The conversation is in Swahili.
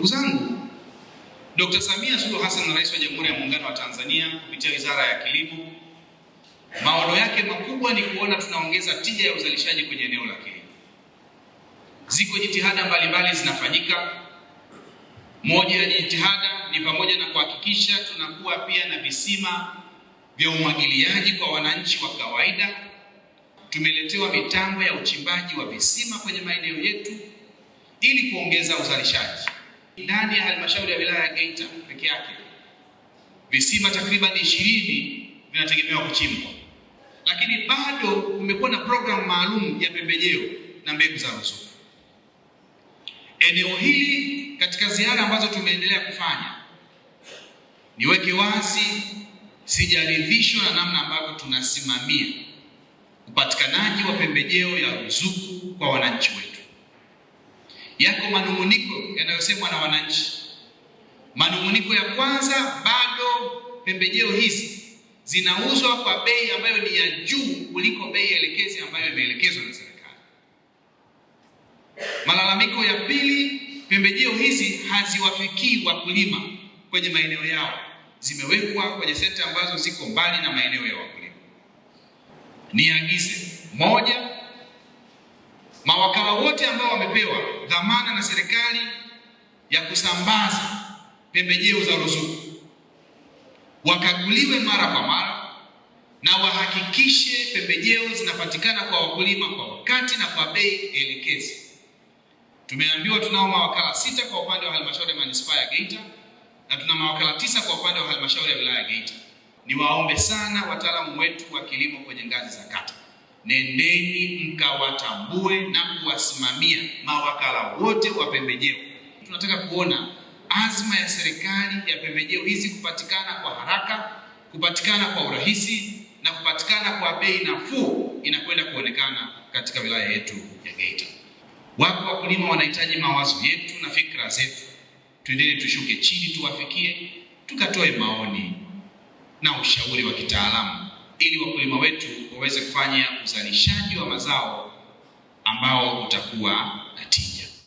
Ndugu zangu, Dr. Samia Suluhu Hassan, Rais wa Jamhuri ya Muungano wa Tanzania, kupitia Wizara ya Kilimo, maono yake makubwa ni kuona tunaongeza tija ya uzalishaji kwenye eneo la kilimo. Ziko jitihada mbalimbali zinafanyika. Moja ya jitihada ni pamoja na kuhakikisha tunakuwa pia na visima vya umwagiliaji kwa wananchi wa kawaida. Tumeletewa mitambo ya uchimbaji wa visima kwenye maeneo yetu ili kuongeza uzalishaji ndani ya halmashauri ya wilaya ya Geita peke yake visima takriban ishirini vinategemewa kuchimbwa, lakini bado kumekuwa na programu maalum ya pembejeo na mbegu za ruzuku. Eneo hili katika ziara ambazo tumeendelea kufanya, niweke wazi, sijaridhishwa na namna ambavyo tunasimamia upatikanaji wa pembejeo ya ruzuku kwa wananchi wetu. Yako manunguniko yanayosemwa na wananchi. Manunguniko ya kwanza, bado pembejeo hizi zinauzwa kwa bei ambayo ni ya juu kuliko bei elekezi ambayo imeelekezwa na serikali. Malalamiko ya pili, pembejeo hizi haziwafikii wakulima kwenye maeneo yao, zimewekwa kwenye sekta ambazo ziko mbali na maeneo ya wakulima. Niagize moja wote ambao wamepewa dhamana na serikali ya kusambaza pembejeo za ruzuku wakaguliwe mara kwa mara na wahakikishe pembejeo zinapatikana kwa wakulima kwa wakati na kwa bei elekezi. Tumeambiwa tunao mawakala sita kwa upande wa halmashauri ya manispaa ya Geita na tuna mawakala tisa kwa upande wa halmashauri ya wilaya ya Geita. Niwaombe sana wataalamu wetu wa kilimo kwenye ngazi za kata nendeni mkawatambue na kuwasimamia mawakala wote wa pembejeo. Tunataka kuona azma ya serikali ya pembejeo hizi kupatikana kwa haraka, kupatikana kwa urahisi na kupatikana kwa bei nafuu inakwenda kuonekana katika wilaya yetu ya Geita. Wako wakulima wanahitaji mawazo yetu na fikra zetu. Twendeni tushuke chini, tuwafikie, tukatoe maoni na ushauri wa kitaalamu ili wakulima wetu waweze kufanya uzalishaji wa mazao ambao utakuwa na tija.